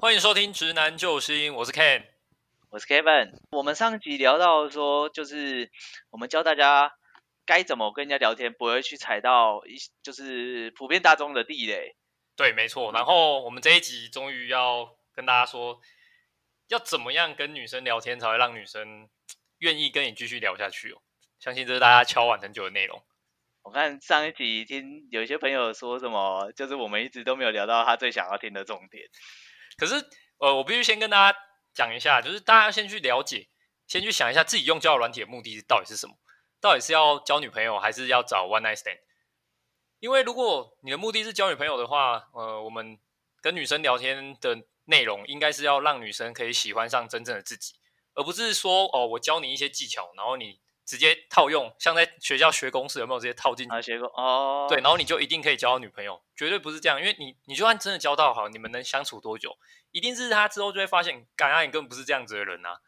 歡迎收聽《直男救星》，我是 Ken，我是 Kevin。我們上一集聊到說，就是我們教大家該怎麼跟人家聊天，不會去踩到一就是普遍大眾的地雷。對，沒錯。嗯、然後我們這一集終於要跟大家說，要怎麼樣跟女生聊天才會讓女生願意跟你繼續聊下去哦。相信這是大家敲碗很久的內容。我看上一集聽有些朋友說什麼，就是我們一直都沒有聊到他最想要聽的重點。可是，呃，我必須先跟大家講一下，就是大家先去了解，先去想一下自己用交友軟體的目的到底是什麼，到底是要交女朋友，還是要找 one night stand？因為如果你的目的是交女朋友的話，呃，我們跟女生聊天的內容應該是要讓女生可以喜歡上真正的自己，而不是說哦、呃，我教你一些技巧，然後你。直接套用，像在學校學公式，有沒有直接套進去、啊！學過。哦。對，然後你就一定可以交到女朋友，絕對不是這樣，因為你，你就算真的交到好，你們能相處多久，一定是他之後就會發現，剛剛你根本不是這樣子的人啊。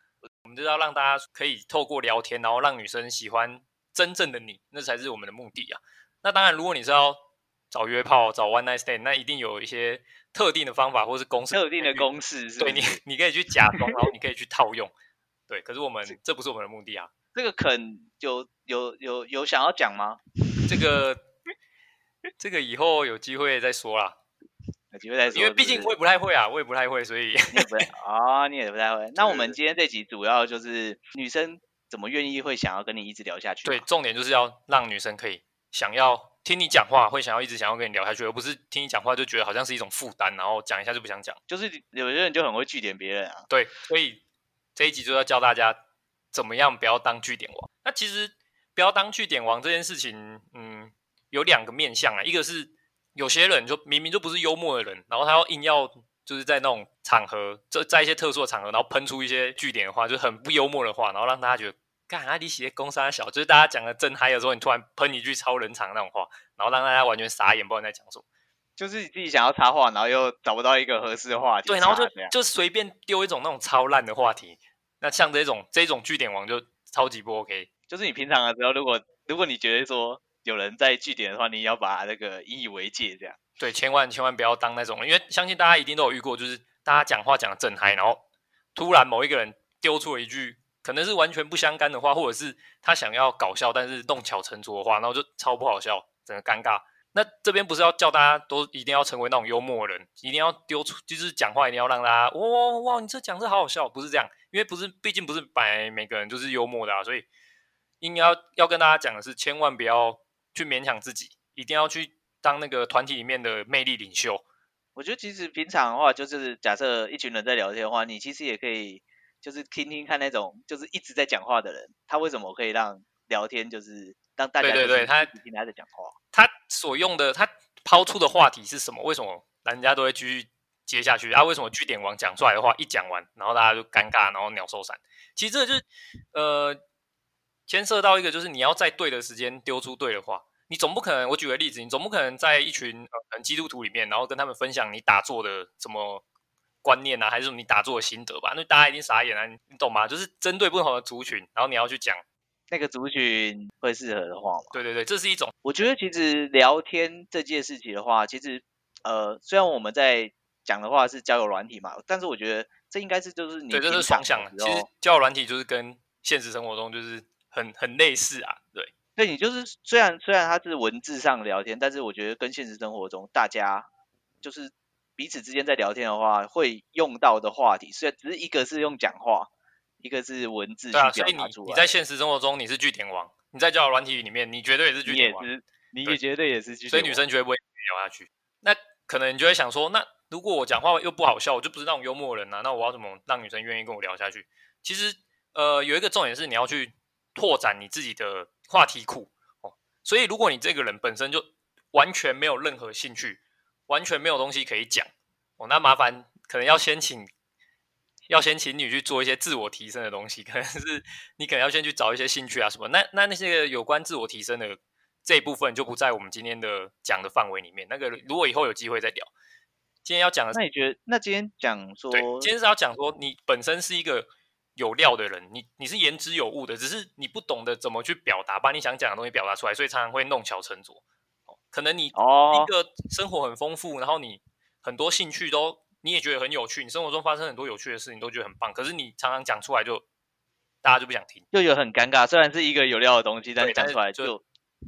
我們就要讓大家可以透過聊天，然後讓女生喜歡真正的你，那才是我們的目的啊。那當然，如果你是要找約炮、找 one night stand，那一定有一些特定的方法或是公式，特定的公式是不是，對你，你可以去假裝，然後 你可以去套用，對。可是我們是這不是我們的目的啊。這個肯有有有有想要講嗎？這個這個以後有機會再說啦。 有機會再說是不是，因為畢竟我也不太會啊，我也不太會，所以你也不太啊、 哦，你也不太會。 那我們今天這集主要就是女生怎麼願意會想要跟你一直聊下去？對，重點就是要讓女生可以想要聽你講話，會想要一直想要跟你聊下去，而不是聽你講話就覺得好像是一種負擔，然後講一下就不想講。就是有些人就很會句點別人啊。對，所以這一集就要教大家。怎麼樣？不要當句點王。那其實不要當句點王這件事情，嗯，有兩個面向啊。一個是有些人就明明就不是幽默的人，然後他要硬要就是在那種場合，就在一些特殊的場合，然後噴出一些句點的話，就很不幽默的話，然後讓大家覺得，幹他、啊、你是在公三小，就是大家講的真嗨的時候，你突然噴一句超冷場那種話，然後讓大家完全傻眼，不知道在講什麼。就是你自己想要插話，然後又找不到一個合適的話題，對，然後就樣就隨便丟一種那種超爛的話題。那像這種這種句點王就超級不 OK，就是你平常的時候，如果如果你覺得說有人在句點的話，你要把那個引以為戒這樣。對，千萬千萬不要當那種，因為相信大家一定都有遇過，就是大家講話講的正嗨，然後突然某一個人丟出了一句可能是完全不相干的話，或者是他想要搞笑但是弄巧成拙的話，然後就超不好笑，整個尷尬。那這邊不是要叫大家都一定要成為那種幽默的人，一定要丟出，就是講話一定要讓大家哇哇、哦、哇，你這講這好好笑，不是這樣。因為不是，畢竟不是，本來每個人就是幽默的啊，所以應該要，要跟大家講的是，千萬不要去勉強自己，一定要去當那個團體裡面的魅力領袖。我覺得其實平常的話，就是假設一群人在聊天的話，你其實也可以就是聽聽看那種就是一直在講話的人，他為什麼可以讓聊天，就是讓大家對對對他聽，他在講話，對對對他，他所用的，他拋出的話題是什麼？為什麼人家都會繼續？接下去啊？為什麼句點王講出來的話一講完，然後大家就尷尬，然後鳥獸散？其實這就是呃，牽涉到一個，就是你要在對的時間丟出對的話，你總不可能，我舉個例子，你總不可能在一群呃基督徒裡面，然後跟他們分享你打坐的什麼觀念啊，還是你打坐的心得吧？那大家一定傻眼了啊，你懂嗎？就是針對不同的族群，然後你要去講那個族群會適合的話嗎？對對對，這是一種。我覺得其實聊天這件事情的話，其實呃，雖然我們在。講的話是交友軟體嘛，但是我覺得這應該是就是你的對，這，就是雙向。其實交友軟體就是跟現實生活中就是很很類似啊。對，那你就是雖然雖然它是文字上聊天，但是我覺得跟現實生活中大家就是彼此之間在聊天的話，會用到的話題，雖然只是一個是用講話，一個是文字去講，啊、所以你你在現實生活中你是句點王，你在交友軟體裡面你絕對也是句點王你，你也絕對也是句點王。對對所以女生絕對不會聊下去。那可能你就會想說，那。如果我講話又不好笑，我就不是那種幽默的人啊。那我要怎麼讓女生願意跟我聊下去？其實，呃，有一個重點是你要去拓展你自己的話題庫哦。所以，如果你這個人本身就完全沒有任何興趣，完全沒有東西可以講哦，那麻煩可能要先請，要先請你去做一些自我提升的東西。可能是你可能要先去找一些興趣啊什麼。那那那些個有關自我提升的這一部分就不在我們今天的講的範圍裡面。那個如果以後有機會再聊。今天要講的是，那你覺得？那今天講說，今天是要講說，你本身是一個有料的人，你你是言之有物的，只是你不懂得怎麼去表達，把你想講的東西表達出來，所以常常會弄巧成拙。哦、可能你、哦、一個生活很豐富，然後你很多興趣都你也覺得很有趣，你生活中發生很多有趣的事情都覺得很棒，可是你常常講出來就大家就不想聽，就有很尷尬。雖然是一個有料的東西，但講出來就。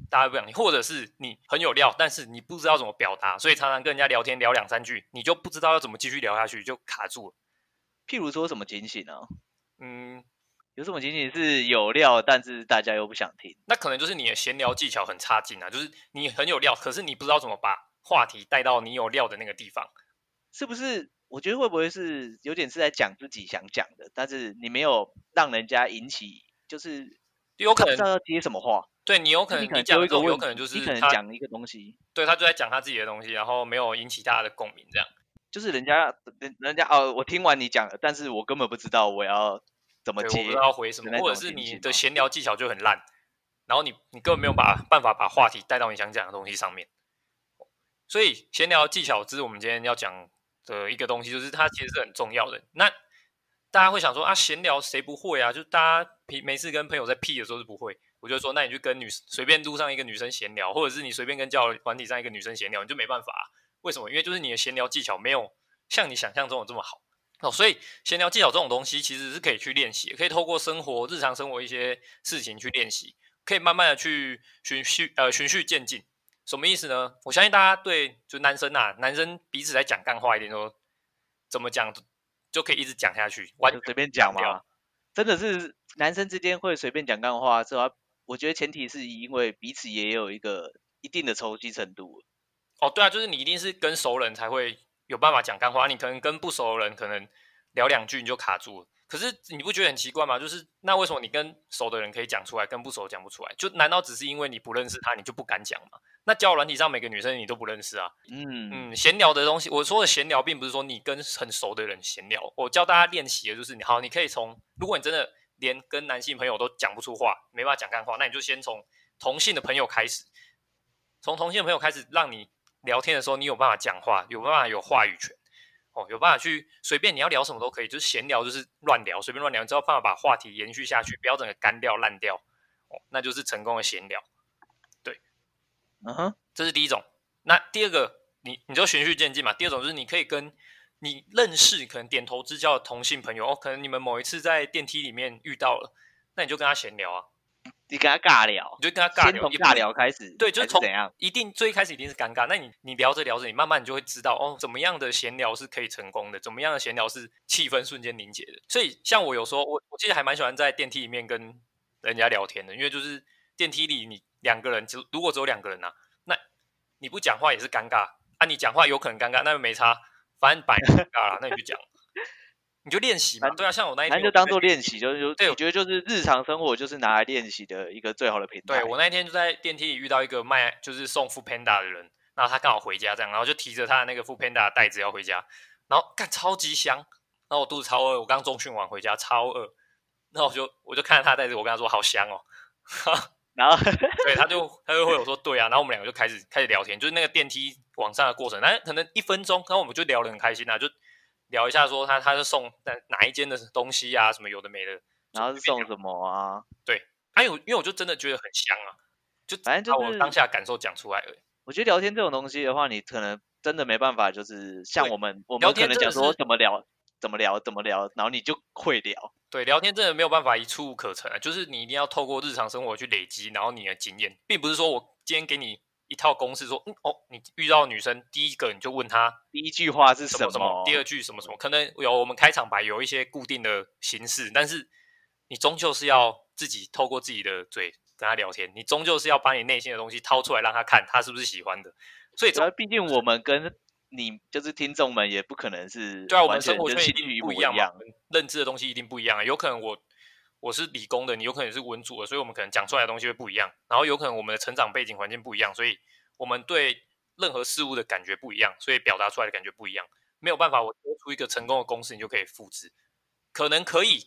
大家不想聽，或者是你很有料，但是你不知道怎麼表達，所以常常跟人家聊天聊兩三句，你就不知道要怎麼繼續聊下去，就卡住了。譬如說什麼情形呢？嗯，有什麼情形是有料，但是大家又不想聽？那可能就是你的閒聊技巧很差勁啊，就是你很有料，可是你不知道怎麼把話題帶到你有料的那個地方，是不是？我覺得會不會是有點是在講自己想講的，但是你沒有讓人家引起，就是有可能不知道要接什麼話。對，你有可能，你講一個我用有可能就是他講一個東西，對，他就在講他自己的東西，然後沒有引起大家的共鳴，這樣就是人家人人家哦，我聽完你講了，但是我根本不知道我要怎麼接，我不知道回什麼，什麼，或者是你的閒聊技巧就很爛，對然後你你根本沒有把辦法把話題帶到你想講的東西上面，所以閒聊技巧是我們今天要講的一個東西，就是它其實是很重要的。那大家會想說啊，閒聊誰不會啊？就是大家平，每次跟朋友在屁的時候是不會。我就說，那你去跟女隨便路上一個女生閒聊，或者是你隨便跟交友團體上一個女生閒聊，你就沒辦法、啊。為什麼？因為就是你的閒聊技巧沒有像你想象中的這麼好。哦，所以閒聊技巧這種東西其實是可以去練習，可以透過生活、日常生活一些事情去練習，可以慢慢的去循序呃循序漸進。什麼意思呢？我相信大家對就男生吶、啊，男生彼此在講幹話一點說，說怎麼講就可以一直講下去，完全隨便講嗎？真的是男生之間會隨便講幹話是吧？我覺得前提是因為彼此也有一個一定的熟悉程度。哦，對啊，就是你一定是跟熟人才會有辦法講幹話，你可能跟不熟的人可能聊兩句你就卡住了。可是你不覺得很奇怪嗎？就是那為什麼你跟熟的人可以講出來，跟不熟講不出來？就難道只是因為你不認識他，你就不敢講嗎？那交友軟體上每個女生你都不認識啊。嗯嗯，閒聊的東西，我說的閒聊並不是說你跟很熟的人閒聊。我教大家練習的就是，你好，你可以從，如果你真的。連跟男性朋友都講不出話，沒辦法講幹話，那你就先從同性的朋友開始，從同性朋友開始，讓你聊天的時候你有辦法講話，有辦法有話語權，哦，有辦法去隨便你要聊什麼都可以，就是閒聊，聊，就是亂聊，隨便亂聊，只要辦法把話題延續下去，不要整個乾掉爛掉，哦，那就是成功的閒聊。對，嗯哼、uh-huh. 這是第一種。那第二個，你你就循序漸進嘛。第二種就是你可以跟。你認識可能點頭之交的同性朋友哦，可能你們某一次在電梯裡面遇到了，那你就跟他閒聊啊，你跟他尬聊，你就跟他尬聊，從尬聊開始，對，就是從樣，一定最一開始一定是尷尬，那你你聊着聊着，你慢慢你就會知道哦，怎麼樣的閒聊是可以成功的，怎麼樣的閒聊是氣氛瞬間凝結的。所以像我有時候，我我其實還蠻喜歡在電梯裡面跟人家聊天的，因為就是電梯裡你兩個人，只如果只有兩個人吶、啊，那你不講話也是尷尬啊，你講話有可能尷尬，那又沒差。反正擺嘎，那你就講， 你就練習嘛。對啊，像我那一天就，就當做練習，就是對，我覺得就是日常生活就是拿來練習的一個最好的陪對，我 對我那一天就在電梯裡遇到一個賣就是送 Foodpanda 的人，然後他剛好回家這樣，然後就提着他的那個 Foodpanda 的袋子要回家，然後幹，超級香，然後我肚子超餓，我剛重訓完回家超餓，然後我就我就看着他的袋子，我跟他說好香哦、喔。 然後， 對，他就他就會有說對啊，然後我們兩個就開始 開始聊天，就是那個電梯往上的過程，但是可能一分鐘，然後我們就聊得很開心啊，就聊一下說他他是送哪哪一間的東西啊，什麼有的沒的，然後是送什麼啊？對，還、啊、有因，因為我就真的覺得很香啊，就反正、就是、就把我當下感受講出來而已。我覺得聊天這種東西的話，你可能真的沒辦法，就是像我們對我們可能講說怎麼聊。聊怎麼聊怎麼聊，然後你就會聊。對，聊天真的沒有辦法一蹴可成，啊，就是你一定要透過日常生活去累積，然後你的經驗，並不是說我今天給你一套公式說，嗯哦，你遇到女生第一個你就問她第一句話是什麼什麼，第二句什麼什麼，哦、可能有我們開場白有一些固定的形式，但是你終究是要自己透過自己的嘴跟她聊天，你終究是要把你內心的東西掏出來讓她看，她是不是喜歡的。所以，才畢竟我們跟你就是聽眾們也不可能是對啊，我們生活圈一定不一樣嘛， 我們認知的東西一定不一樣、欸。有可能我我是理工的，你有可能是文組的，所以我們可能講出來的東西會不一樣。然後有可能我們的成長背景環境不一樣，所以我們對任何事物的感覺不一樣，所以表達出來的感覺不一樣。沒有辦法，我做出一個成功的公式，你就可以複製，可能可以，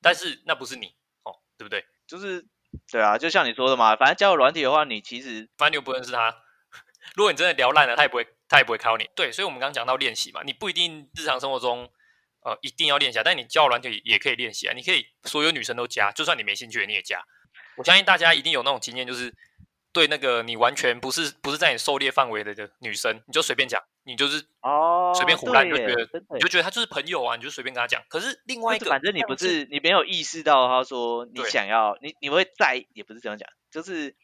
但是那不是你哦，對不對？就是對啊，就像你說的嘛，反正交友軟體的話，你其實反正你又不認識他， 如果你真的聊爛了，他也不會。他也不會考你，對，所以，我們剛剛講到練習嘛，你不一定日常生活中，呃，一定要練習，但你交友軟體也可以練習啊，你可以所有女生都加，就算你沒興趣也你也加。我信相信大家一定有那種經驗，就是對那個你完全不是不是在你狩獵範圍的女生，你就隨便講，你就是哦，隨便胡亂耶就覺得你就覺得她就是朋友啊，你就隨便跟她講。可是另外一個，反正你不是，是你沒有意識到，他說你想要對你你會在也不是這樣講，就是。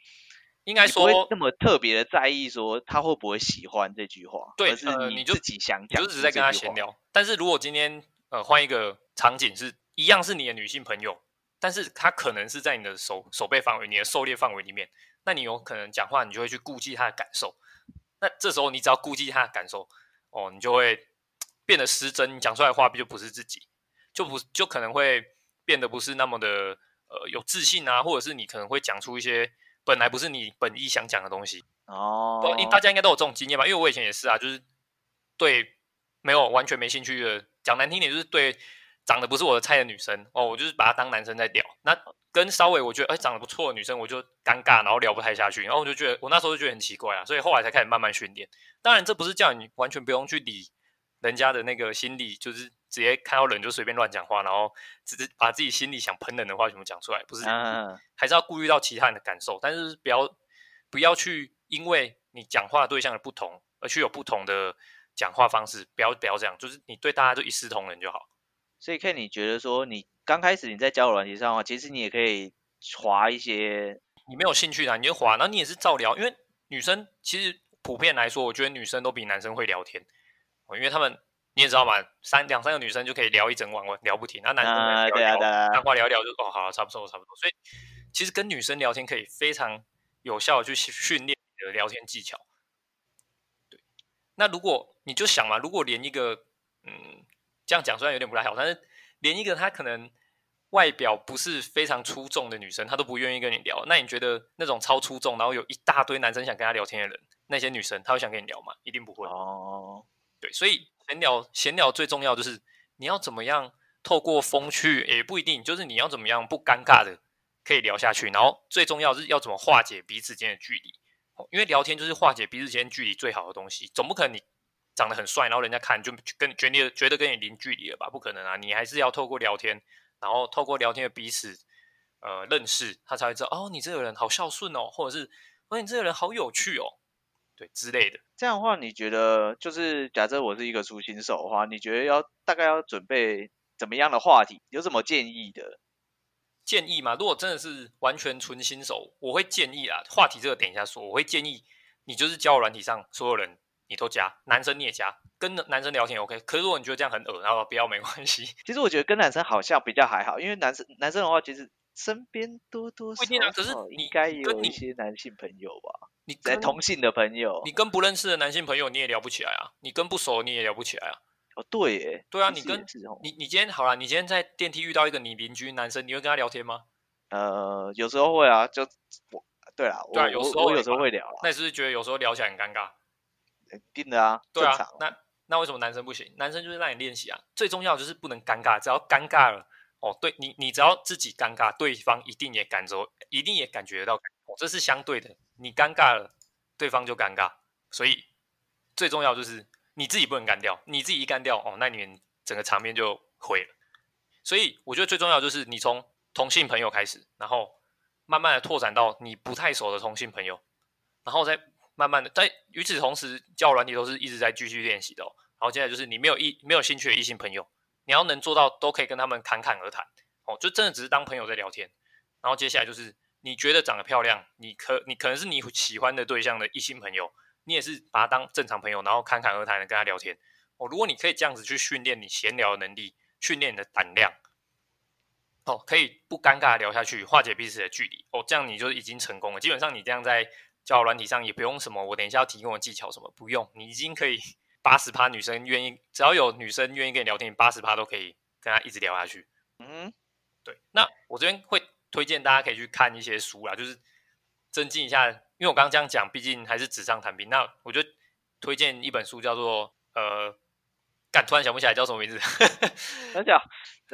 應該說，這麼特別的在意說他會不會喜歡這句話，對而是你自己想講，呃，你就只在跟他閒聊。但是如果今天呃換一個場景是，是一樣是你的女性朋友，但是她可能是在你的手手背範圍，你的狩獵範圍裡面，那你有可能講話，你就會去顧忌她的感受。那這時候你只要顧忌她的感受，哦，你就會變得失真，你講出來的話就不是自己，就不就可能會變得不是那麼的呃有自信啊，或者是你可能會講出一些。本來不是你本意想講的東西哦，Oh. 大家應該都有這種經驗吧？因為我以前也是啊，就是對沒有完全沒興趣的，講難聽點就是對長得不是我的菜的女生哦，我就是把她當男生在聊。那跟稍微我覺得哎，欸，長得不錯的女生，我就尷尬，然後聊不太下去，然後我就覺得我那時候就覺得很奇怪啊，所以後來才開始慢慢訓練。當然，這不是叫你完全不用去理。人家的那個心理就是直接看到人就隨便亂講話，然後只,只把自己心裡想噴人的話全部講出來，不是？啊、還是要顧慮到其他人的感受，但是,是不要不要去因為你講話對象的不同而去有不同的講話方式，不要不要這樣，就是你對大家就一視同仁就好。所以看你覺得說，你剛開始你在交友軟件上啊，其實你也可以滑一些你沒有興趣的、啊，你就滑，然後你也是照聊，因為女生其實普遍來說，我覺得女生都比男生會聊天。因為他們，你也知道嘛，三兩三個女生就可以聊一整晚，聊不停。那、啊、男生、啊，對啊對啊，八卦聊一聊就哦，好、啊、差不多差不多。所以其實跟女生聊天可以非常有效地去訓練你的聊天技巧。對。那如果你就想嘛，如果連一個，嗯，這樣講雖然有點不太好，但是連一個他可能外表不是非常出眾的女生，她都不願意跟你聊，那你覺得那種超出眾，然後有一大堆男生想跟她聊天的人，那些女生她會想跟你聊嗎？一定不會。哦。對，所以閒聊，閒聊最重要的就是你要怎麼樣透過風趣，也、欸、不一定。就是你要怎麼樣不尷尬的可以聊下去，然後最重要的是要怎麼化解彼此間的距離。因為聊天就是化解彼此間距離最好的東西。總不可能你長得很帥，然後人家看就跟覺得你覺得跟你零距離了吧？不可能啊！你還是要透過聊天，然後透過聊天的彼此呃認識，他才會知道哦，你這個人好孝順哦，或者是哦、哎、你這個人好有趣哦。對之類的，這樣的話，你覺得就是假設我是一個純新手的話，你覺得要大概要準備怎麼樣的話題？有什麼建議的建議嗎？如果真的是完全純新手，我會建議啊，話題這個等一下說，我會建議你就是交友軟體上所有人你都加，男生你也加，跟男生聊天 OK。可是如果你覺得這樣很噁，然後不要沒關係。其實我覺得跟男生好像比較還好，因為男生男生的話其實。身邊多多少少不一定啊，可是你應該有一些男性朋友吧？你跟同性的朋友，你跟不認識的男性朋友，你也聊不起來啊？你跟不熟，你也聊不起來啊？哦，對，耶，對啊，你跟你你今天好了，你今天在電梯遇到一個你鄰居男生，你會跟他聊天嗎？呃，有時候會啊，就我對啊對，有時候我有時候會聊，那你是不是覺得有時候聊起來很尷尬？一定的啊，正常。那那為什麼男生不行？男生就是讓你練習啊，最重要就是不能尷尬，只要尷尬了。哦，對你，你只要自己尷尬，對方一定也感受，一定也感覺得到。哦，這是相對的，你尷尬了，對方就尷尬。所以最重要就是你自己不能乾掉，你自己一乾掉，哦，那你整個場面就毀了。所以我覺得最重要就是你從同性朋友開始，然後慢慢的拓展到你不太熟的同性朋友，然後再慢慢的，但與此同時，教軟體都是一直在繼續練習的哦。然後接下來就是你沒有異，沒有興趣的異性朋友。你要能做到，都可以跟他們侃侃而談，哦，就真的只是當朋友在聊天。然後接下來就是你覺得長得漂亮，你可你可能是你喜歡的對象的異性朋友，你也是把他當正常朋友，然後侃侃而談的跟他聊天。哦，如果你可以這樣子去訓練你閒聊的能力，訓練你的膽量，哦，可以不尷尬的聊下去，化解彼此的距離。哦，這樣你就已經成功了。基本上你這樣在交友軟體上也不用什麼，我等一下要提供的技巧什麼不用，你已經可以。八十趴女生願意，只要有女生願意跟你聊天，八十趴都可以跟他一直聊下去。嗯，對。那我這邊會推薦大家可以去看一些書啦，就是增進一下。因為我剛剛這樣講，畢竟還是紙上談兵。那我就推薦一本書，叫做呃，幹，突然想不起來叫什麼名字？想不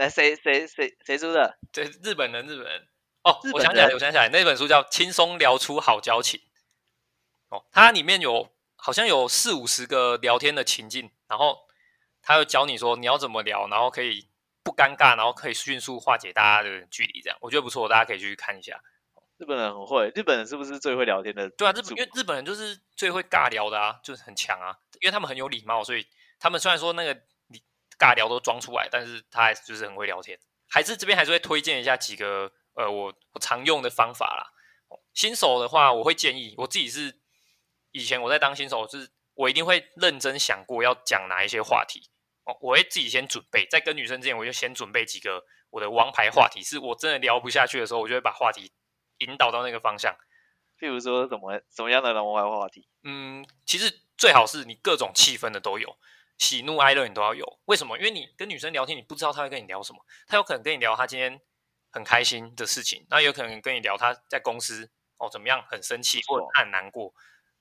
來，誰誰誰誰輸的？對，日本人，日本人。人哦，我想起來，我想起來，那本書叫《輕鬆聊出好交情》。哦，它裡面有。好像有四五十個聊天的情境，然後他有教你說你要怎麼聊，然後可以不尷尬，然後可以迅速化解大家的距離，這樣我覺得不錯，大家可以去看一下。日本人很會，日本人是不是最會聊天的？對啊，日本，因為日本人就是最會尬聊的啊，就是很強啊，因為他們很有禮貌，所以他們雖然說那個尬聊都裝出來，但是他還是就是很會聊天。還是這邊還是會推薦一下幾個呃我我常用的方法啦。新手的話，我會建議我自己是。以前我在當新手，就是我一定會認真想過要講哪一些話題哦，我會自己先準備，在跟女生之前，我就先準備幾個我的王牌話題，是我真的聊不下去的時候，我就會把話題引導到那個方向。譬如說，怎麼怎麼樣的王牌話題？嗯，其實最好是你各種氣氛的都有，喜怒哀樂你都要有。為什麼？因為你跟女生聊天，你不知道她會跟你聊什麼，她有可能跟你聊她今天很開心的事情，那有可能跟你聊她在公司哦怎麼樣很生氣，不錯，或者她很難過。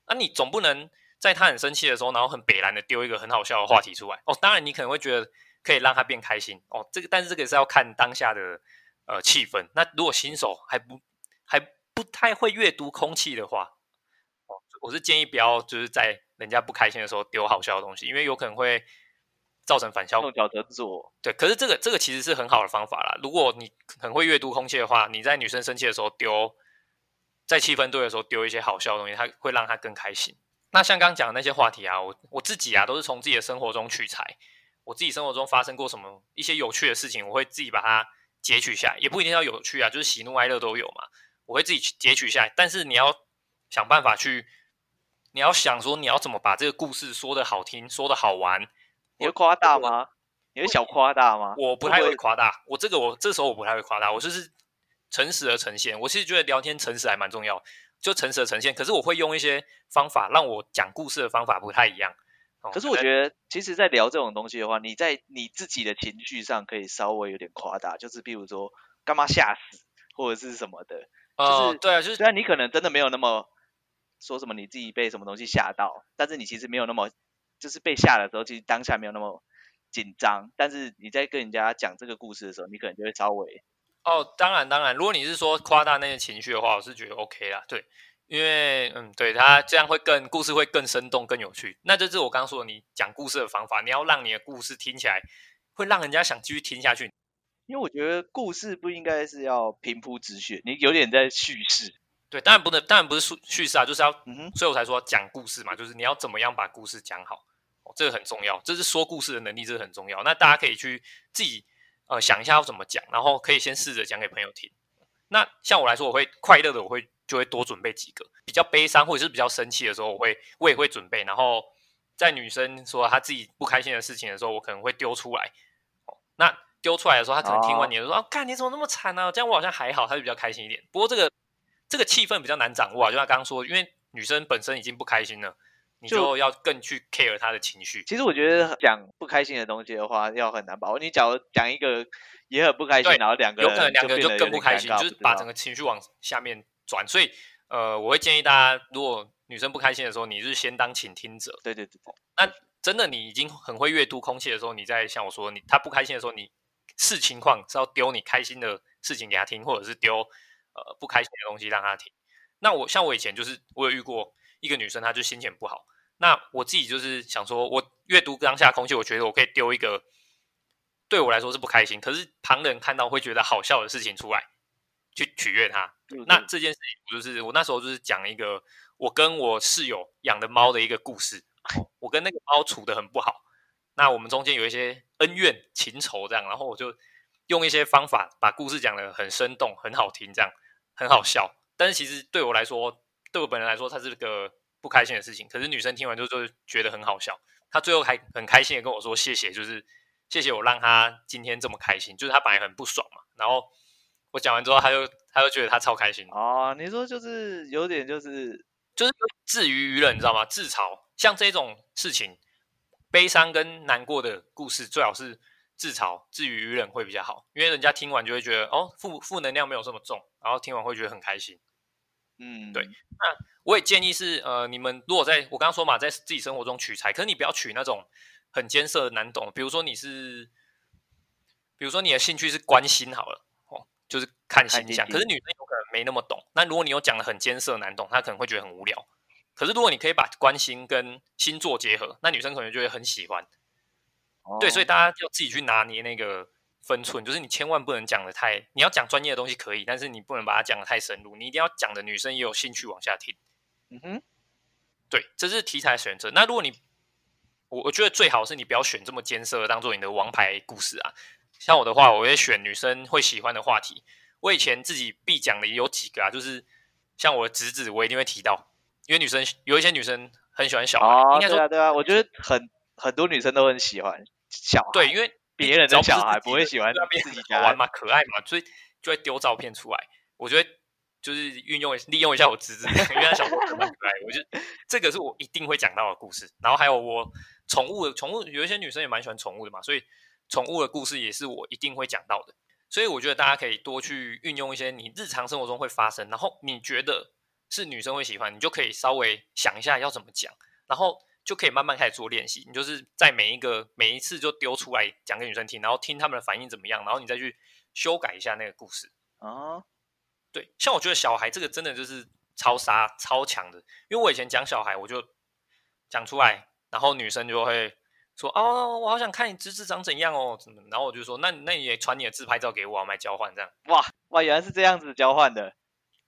那、啊、你總不能在他很生氣的時候，然後很北爛的丟一個很好笑的話題出來哦。當然你可能會覺得可以讓他變開心哦。這個但是這個是要看當下的呃氣氛。那如果新手還不還不太會閱讀空氣的話，哦，我是建議不要就是在人家不開心的時候丟好笑的東西，因為有可能會造成反效果。弄巧成拙，對，可是這個這個其實是很好的方法啦。如果你很會閱讀空氣的話，你在女生生氣的時候丟。在氣氛對的時候丟一些好笑的東西，他會讓他更開心。那像剛講的那些話題啊，我我自己啊都是從自己的生活中取材。我自己生活中發生過什麼一些有趣的事情，我會自己把它截取下來，也不一定要有趣啊，就是喜怒哀樂都有嘛。我會自己去截取下來，但是你要想辦法去，你要想說你要怎麼把這個故事說得好聽，說得好玩。你會誇大嗎？我你會小誇大嗎？我不太會誇大，我這個我這個時候我不太會誇大，我就是。誠實而呈現，我其實覺得聊天誠實還蠻重要，就誠實而呈現。可是我會用一些方法，讓我講故事的方法不太一樣。哦、可是我覺得，其實，在聊這種東西的話，你在你自己的情緒上可以稍微有點誇大，就是比如說幹嘛嚇死或者是什麼的。就是對啊、嗯，就是雖然你可能真的沒有那麼說什麼你自己被什麼東西嚇到，但是你其實沒有那麼就是被嚇的時候，其實當下沒有那麼緊張。但是你在跟人家講這個故事的時候，你可能就會稍微。哦，當然當然，如果你是說誇大那些情緒的話，我是覺得 OK 啦，對，因為嗯，對他這樣會更故事會更生動更有趣。那這是我剛剛說的你講故事的方法，你要讓你的故事聽起來會讓人家想繼續聽下去。因為我覺得故事不應該是要平鋪直敘，你有點在敘事。對，當然不能，當然不是敘敘事啊，就是要，嗯、哼所以我才說要講故事嘛，就是你要怎麼樣把故事講好，哦、這個很重要，這是說故事的能力，這是很重要。那大家可以去自己。呃，想一下要怎麼講，然後可以先試着講給朋友聽。那像我來說，我會快樂的，我會就會多準備幾個；比較悲傷或者是比較生氣的時候，我會我也會準備。然後在女生說她自己不開心的事情的時候，我可能會丟出來。那丟出來的時候，她可能聽完你說，說、oh. 啊，幹，你怎麼那麼慘呢？、啊？這樣我好像還好，他就比較開心一點。不過這個這個氣氛比較難掌握、啊，就像剛剛說，因為女生本身已經不開心了。就你就要更去 care 他的情緒。其實我覺得講不開心的東西的話，要很難把握。你假如講一個也很不開心，對然後兩個人有,有可能兩個人就更不開心，就是把整個情緒往下面轉。所以，呃，我會建議大家，如果女生不開心的時候，你就是先當傾聽者。對,對對對。那真的你已經很會閱讀空氣的時候，你再像我說，你她不開心的時候，你視情況是要丟你開心的事情給她聽，或者是丟呃不開心的東西讓她聽。那我像我以前就是我有遇過。一個女生，她就心情不好。那我自己就是想說，我閱讀當下空氣，我覺得我可以丟一個對我來說是不開心，可是旁人看到會覺得好笑的事情出來，去取悅她。嗯嗯。那這件事情，就是我那時候就是講一個我跟我室友養的貓的一個故事。我跟那個貓處得很不好，那我們中間有一些恩怨情仇這樣。然後我就用一些方法把故事講得很生動，很好聽，這樣很好笑。但是其實對我來說，對我本人來說，它是個不開心的事情。可是女生聽完之後，就覺得很好笑，她最後還很開心的跟我說謝謝，就是謝謝我讓她今天這麼開心。就是她本來很不爽嘛，然後我講完之後，她就她就覺得她超開心。哦，你說就是有點就是就是自娛娛人，你知道嗎？自嘲，像這種事情，悲傷跟難過的故事最好是自嘲，自娛娛人會比較好，因為人家聽完就會覺得哦負負能量沒有這麼重，然後聽完會覺得很開心。嗯，對。那我也建議是，呃，你們如果在我剛剛說嘛，在自己生活中取材，可是你不要取那種很艱澀的難懂。比如說你是，比如說你的興趣是關心好了，哦，就是看形象。滴滴可是女生有可能沒那麼懂。那如果你有講的很艱澀難懂，她可能會覺得很無聊。可是如果你可以把關心跟星座結合，那女生可能就會很喜歡。哦、對，所以大家就自己去拿捏那個分寸，就是你千萬不能講的太，你要講專業的東西可以，但是你不能把它講的太深入，你一定要講的女生也有興趣往下聽。嗯哼，對，這是題材的選擇。那如果你，我我覺得最好是你不要選這麼艱澀當做你的王牌故事啊。像我的話，我也選女生會喜歡的話題。我以前自己必講的也有幾個啊，就是像我侄子、子，我一定會提到，因為女生有一些女生很喜歡小孩，哦、應該說，對啊，對啊，我覺得很很多女生都很喜歡小孩，對，因為。別人的小孩不，的不會喜歡，他們自己玩嘛，嗯、可愛嘛，嗯、所以就會丟照片出來。我覺得就是運用利用一下我侄子， 因為小孩蠻可愛，我就這個是我一定會講到的故事。然後還有我寵物的，的寵物有一些女生也蠻喜歡寵物的嘛，所以寵物的故事也是我一定會講到的。所以我覺得大家可以多去運用一些你日常生活中會發生，然後你覺得是女生會喜歡，你就可以稍微想一下要怎麼講，然後。就可以慢慢開始做練習。你就是在每一個、每一次就丟出來講給女生聽，然後聽他們的反應怎麼樣，然後你再去修改一下那個故事。啊、哦，對，像我覺得小孩這個真的就是超殺、超強的，因為我以前講小孩，我就講出來，然後女生就會說：“哦，我好想看你侄子長怎樣哦。”然後我就說：“那那你也傳你的自拍照給我，我來交換這樣。”哇哇哇，原來是這樣子交換的，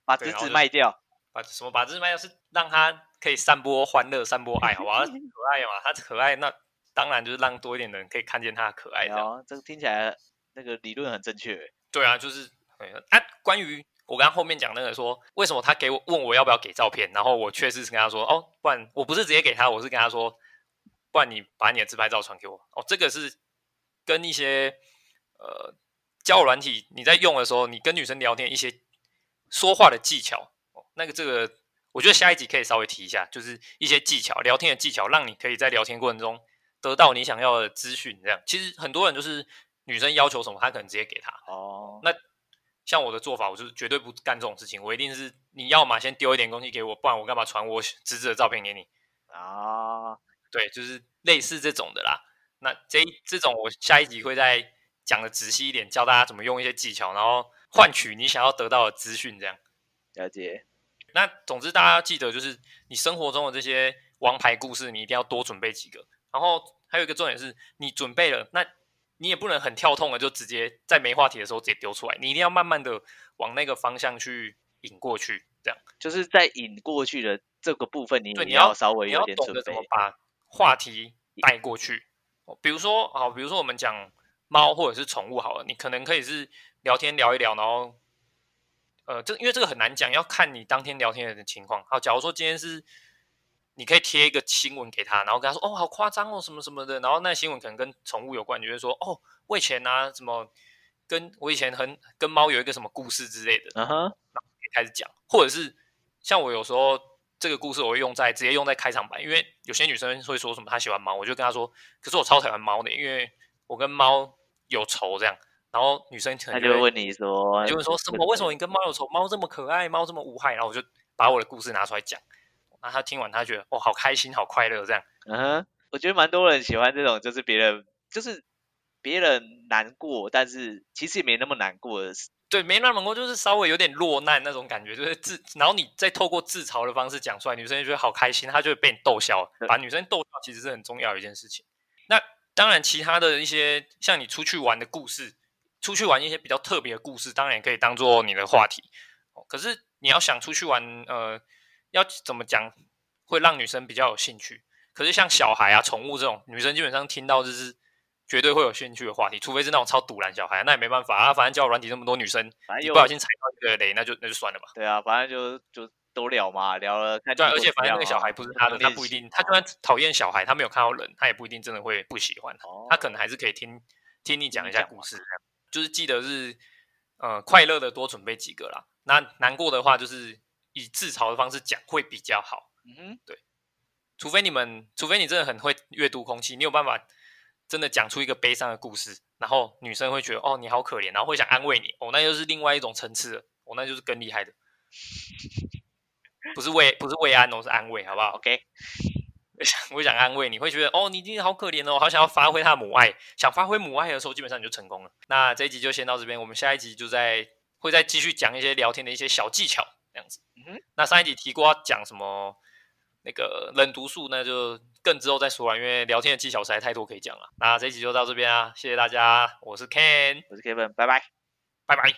把侄子賣掉。把什麼把自拍？要是讓他可以散播歡樂、散播愛好好，好玩可愛嘛？他可愛，那當然就是讓多一點人可以看見他的可愛的、哎。這個聽起來那個理論很正確。對啊，就是哎、嗯啊，關於我剛剛後面講那個說，說為什麼他給我問我要不要給照片，然後我確實是跟他說哦，不然我不是直接給他，我是跟他說，不然你把你的自拍照傳給我哦。這個是跟一些呃交友軟體你在用的時候，你跟女生聊天一些說話的技巧。那個這個，我覺得下一集可以稍微提一下，就是一些技巧，聊天的技巧，讓你可以在聊天過程中得到你想要的資訊。這樣，其實很多人就是女生要求什麼，她可能直接給他。哦，那像我的做法，我就絕對不幹這種事情，我一定是你要嘛先丟一點東西給我，不然我幹嘛傳我侄子的照片給你啊？哦、對，就是類似這種的啦。那這一這種我下一集會再講的仔細一點，教大家怎麼用一些技巧，然後換取你想要得到的資訊。這樣，了解。那總之，大家要記得，就是你生活中的這些王牌故事，你一定要多準備幾個。然後還有一個重點是，你準備了，那你也不能很跳痛的，就直接在沒話題的時候直接丟出來。你一定要慢慢的往那個方向去引過去，這樣。就是在引過去的這個部分，你也要稍微有點準備。懂得怎麼把話題帶過去，比如說啊，比如說我們講貓或者是寵物好了，你可能可以是聊天聊一聊，然後。呃，這因為這個很難講，要看你當天聊天的情況。好，假如說今天是，你可以貼一個新聞給他，然後跟他說：“哦，好誇張哦，什麼什麼的。”然後那新聞可能跟寵物有關，你就會說：“哦，我以前啊，什麼跟我以前很跟貓有一個什麼故事之類的。”嗯哼，開始講，uh huh. 或者是像我有時候這個故事我會用在直接用在開場白，因為有些女生會說什麼她喜歡貓，我就跟她說：“可是我超喜歡貓的，因為我跟貓有仇這樣。”然後女生她就會問你說：“就是說什麼？為什麼你跟貓有仇？貓這麼可愛，貓這麼無害。”然後我就把我的故事拿出來講。那、啊、她聽完，她覺得哦，好開心，好快樂這樣。嗯、uh，huh. 我覺得蠻多人喜歡這種，就是別人就是別人難過，但是其實也沒那麼難過的事。對，沒那麼難過，就是稍微有點落難那種感覺，就是自。然後你再透過自嘲的方式講出來，女生就覺得好開心，她就會被你逗笑。把女生逗笑其實是很重要的一件事情。 那當然，其他的一些像你出去玩的故事。出去玩一些比較特別的故事，當然也可以當作你的話題。嗯、可是你要想出去玩，呃，要怎麼講會讓女生比較有興趣？可是像小孩啊、寵物這種，女生基本上聽到就是絕對會有興趣的話題，除非是那種超毒男小孩、啊，那也沒辦法啊。反正叫軟體這麼多女生，反正你不小心踩到這個雷，那就那就算了吧。對啊，反正就就都聊嘛，聊了。對看而且反正那個小孩不是他的，啊、他不一定，他就算討厭小孩，他沒有看到人，他也不一定真的會不喜歡他。哦、他可能還是可以聽聽你講一下故事就是記得是，呃，快樂的多準備幾個啦。那難過的話，就是以自嘲的方式講會比較好。嗯哼對。除非你們，除非你真的很會閱讀空氣，你有辦法真的講出一個悲傷的故事，然後女生會覺得哦，你好可憐，然後會想安慰你。哦，那就是另外一種層次了。哦，那就是更厲害的。不是慰，不是慰安，哦，都是安慰，好不好？OK。 我想安慰你，你會覺得哦，你今天好可憐哦，我好想要發揮他母愛，想發揮母愛的時候，基本上你就成功了。那這一集就先到這邊，我們下一集就再會再繼續講一些聊天的一些小技巧這樣子。嗯、哼那上一集提過要講什麼那個冷讀術呢，就更之後再說了，因為聊天的技巧實在太多可以講了。那這一集就到這邊啊，謝謝大家，我是 Ken，我是 Kevin，拜拜，拜拜。